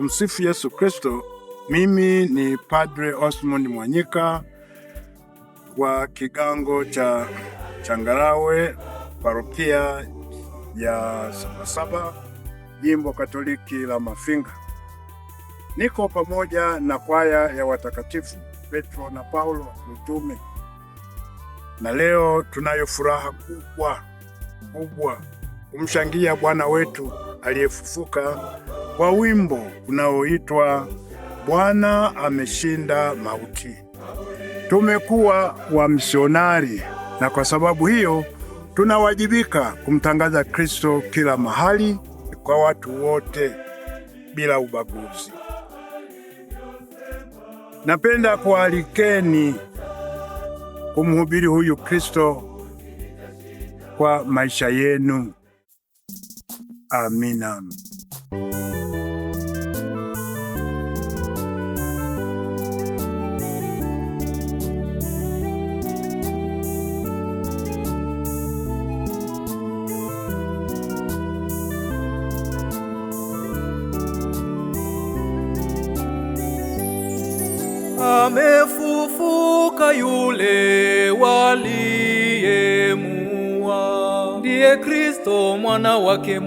Tumsifu Yesu Kristo. Mimi ni Padre Osmond Mwanyika wa kigango cha Changarawe, parokia ya Sabasaba, jimbo Katoliki la Mafinga. Niko pamoja na kwaya ya watakatifu Petro na Paulo mitume, na leo tunayo furaha kubwa kubwa kumshangia Bwana wetu aliyefufuka kwa wimbo unaoitwa Bwana ameshinda mauti. Tumekuwa wamisionari na kwa sababu hiyo tunawajibika kumtangaza Kristo kila mahali kwa watu wote bila ubaguzi. Napenda kualikeni kumhubiri huyu Kristo kwa maisha yenu. Amina. yule waliyemua ndiye Kristo mwana wake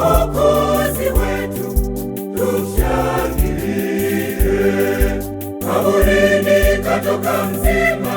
Mwokozi wetu tushangilie, kaburini katoka mzima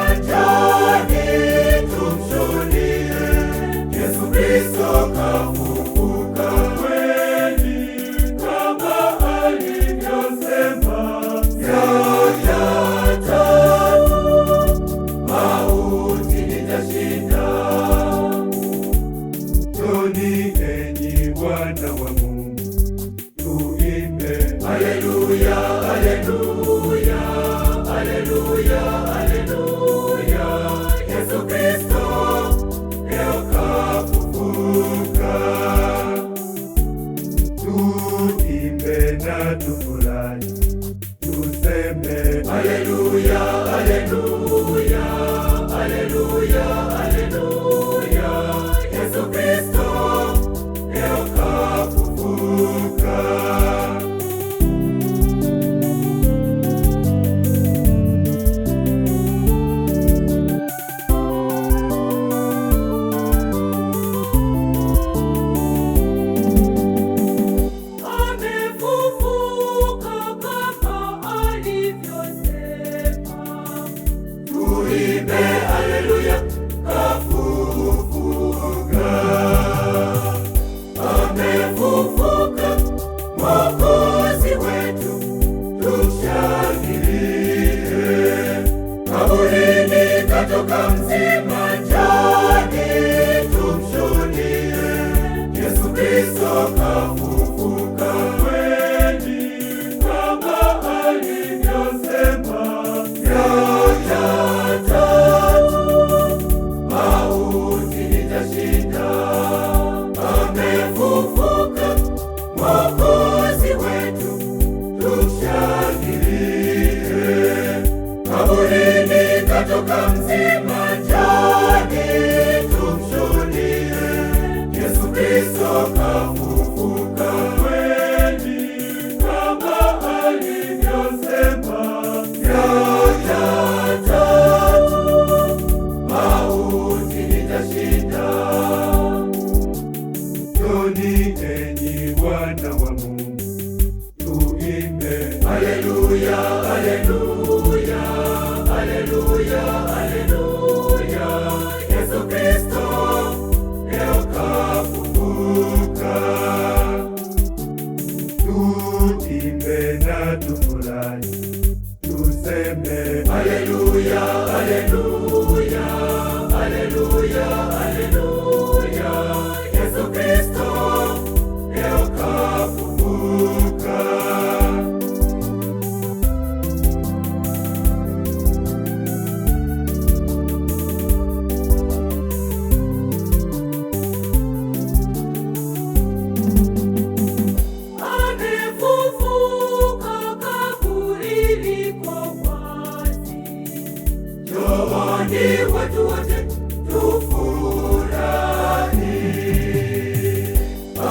amani, watu wote tufurahi,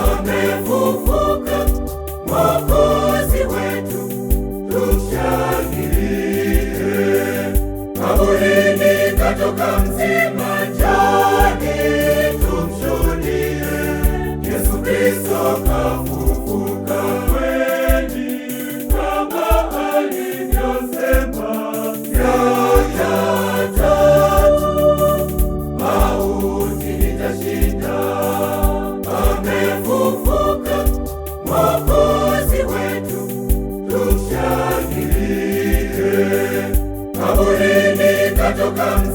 amefufuka Mwokozi wetu, tushangilie. Kaburini katoka mzima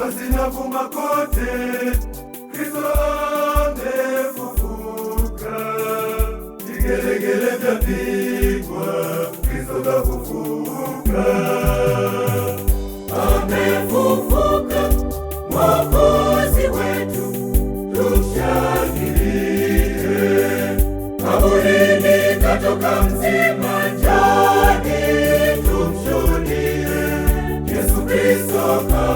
Basi navuma kote, Kristo amefufuka. Vigelegele vyapigwa, Kristo kafufuka. Amefufuka, Mwokozi wetu, tushangilie. Kaburini katoka mzima, njani tumshuhudie Yesu Kristo